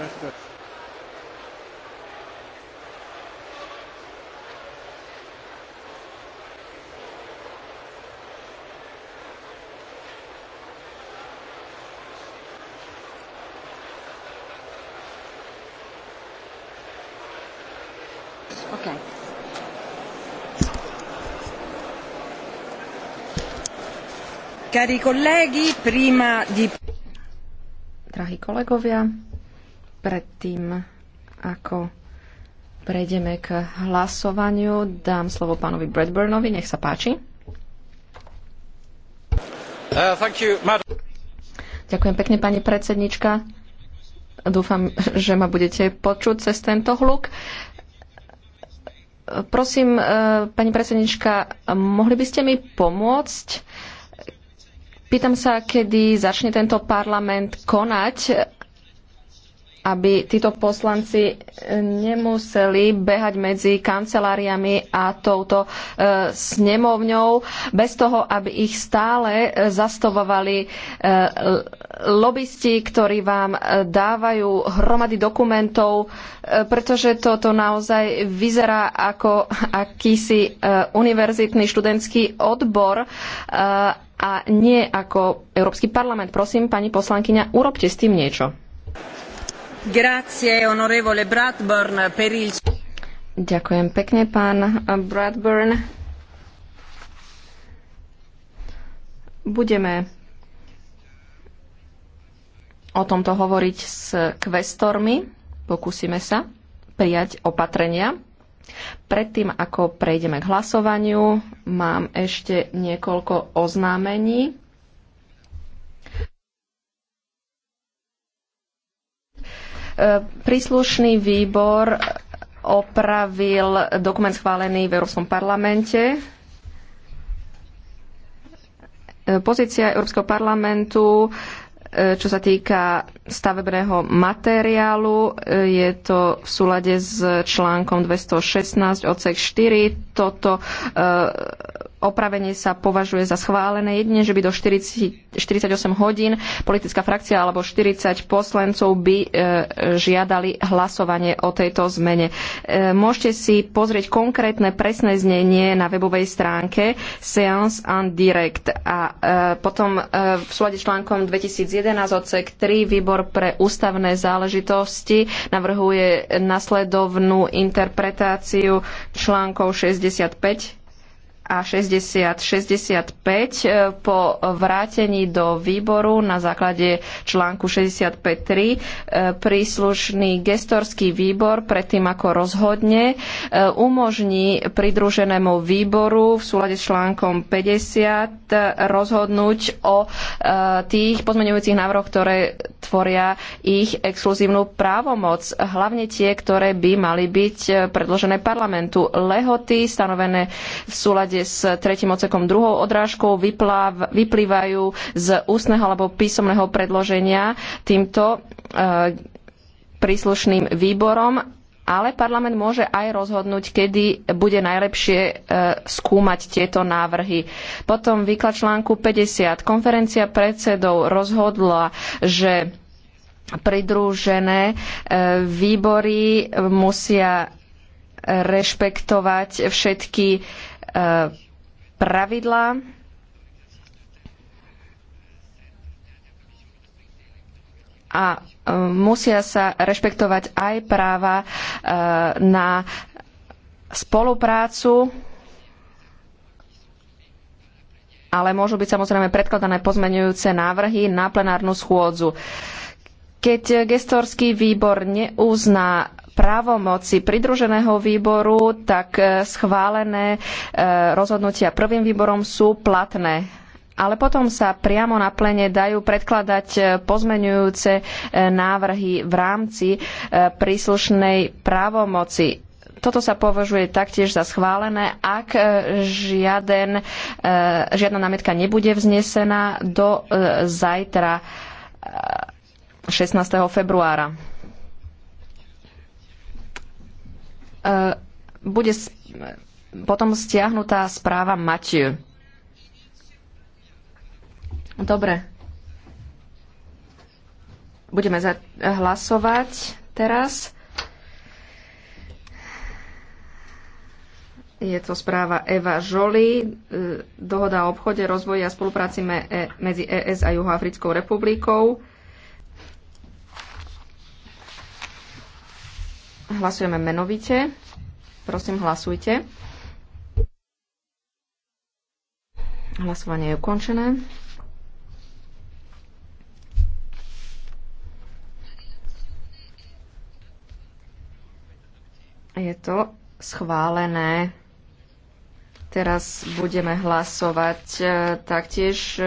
That's Okay. Cari colleghi, prima di... Drahí kolegovia, Predtým, ako prejdeme k hlasovaniu, dám slovo pánovi Bradburnovi. Nech sa páči. Uh, you, Ďakujem pekne, pani predsednička. Dúfam, že ma budete počuť cez tento hluk. Prosím, uh, pani predsednička, mohli by ste mi pomôcť? Pýtam sa, kedy začne tento parlament konať aby títo poslanci eh, nemuseli behať medzi kanceláriami a touto eh, snemovňou, bez toho, aby ich stále eh, zastavovali lobbysti, ktorí vám dávajú hromady dokumentov, pretože toto naozaj vyzerá ako akýsi univerzitný študentský odbor a nie ako Európsky parlament. Prosím, pani poslankyňa, urobte s tým niečo. Ďakujem pekne, pán Bradburn. Budeme o tomto hovoriť s kvestormi. Pokúsime sa prijať opatrenia. Predtým, ako prejdeme k hlasovaniu, mám ešte niekoľko oznámení. E, príslušný výbor opravil dokument schválený v Európskom parlamente. E, pozícia Európskeho parlamentu e, čo sa týka stavebného materiálu, je to v súlade s článkom 216 odsek 4. Toto opravenie sa považuje za schválené jedine, že by do 40, 48 hodín politická frakcia alebo 40 poslancov by e, žiadali hlasovanie o tejto zmene. E, môžete si pozrieť konkrétne presné znenie na webovej stránke Seance en Direct a e, potom e, v súlade s článkom 2011 odsek 3 výbor pre ústavné záležitosti navrhuje nasledovnú interpretáciu článkov 65 a 60-65 e, po vrátení do výboru na základe článku 65.3 e, príslušný gestorský výbor predtým ako rozhodne e, umožní pridruženému výboru v súlade s článkom 50 rozhodnúť o tých pozmeňujúcich návrhoch, ktoré tvoria ich exkluzívnu právomoc, hlavne tie, ktoré by mali byť eh, predložené parlamentu. Lehoty stanovené v súlade s tretím ocekom druhou odrážkou vypláv, vyplývajú z ústneho alebo písomného predloženia týmto e, príslušným výborom ale parlament môže aj rozhodnúť, kedy bude najlepšie e, skúmať tieto návrhy. Potom výklad článku 50. Konferencia predsedov rozhodla, že pridružené e, výbory musia rešpektovať všetky e, pravidlá a e, musia sa rešpektovať aj práva e, na spoluprácu ale môžu byť samozrejme predkladané pozmenujúce návrhy na plenárnu schôdzu. Keď gestorský výbor neuzná právomoci pridruženého výboru, tak e, schválené rozhodnutia prvým výborom sú platné ale potom sa priamo na plene dajú predkladať e, pozmenujúce e, návrhy v rámci e, príslušnej právomoci. Toto sa považuje taktiež za schválené, ak žiaden, žiadna námietka nebude vznesená do zajtra 16. februára bude potom stiahnutá správa Matiu. Dobre. Budeme za- hlasovať teraz. Je to správa Eva Žoli, e, dohoda o obchode, rozvoji a spolupráci me- e, medzi ES a Juhoafrickou republikou. Hlasujeme menovite. Prosím, hlasujte. Hlasovanie je ukončené. Je to schválené. Teraz budeme hlasovať e, taktiež e,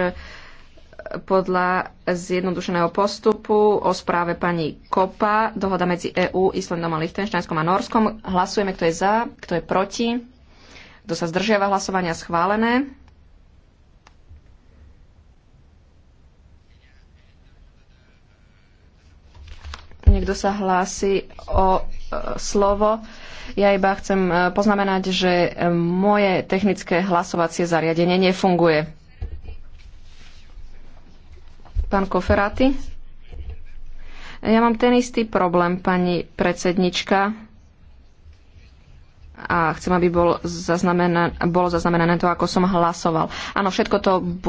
podľa zjednodušeného postupu o správe pani Kopa, dohoda medzi EÚ, Islandom a Lichtenštajnskom a Norskom. Hlasujeme, kto je za, kto je proti, kto sa zdržiava hlasovania schválené. Niekto sa hlási o slovo. Ja iba chcem e, poznamenať, že e, moje technické hlasovacie zariadenie nefunguje. Pán Koferáty? Ja mám ten istý problém, pani predsednička. A chcem, aby bol zaznamenané, bolo zaznamenané to, ako som hlasoval. Áno, všetko to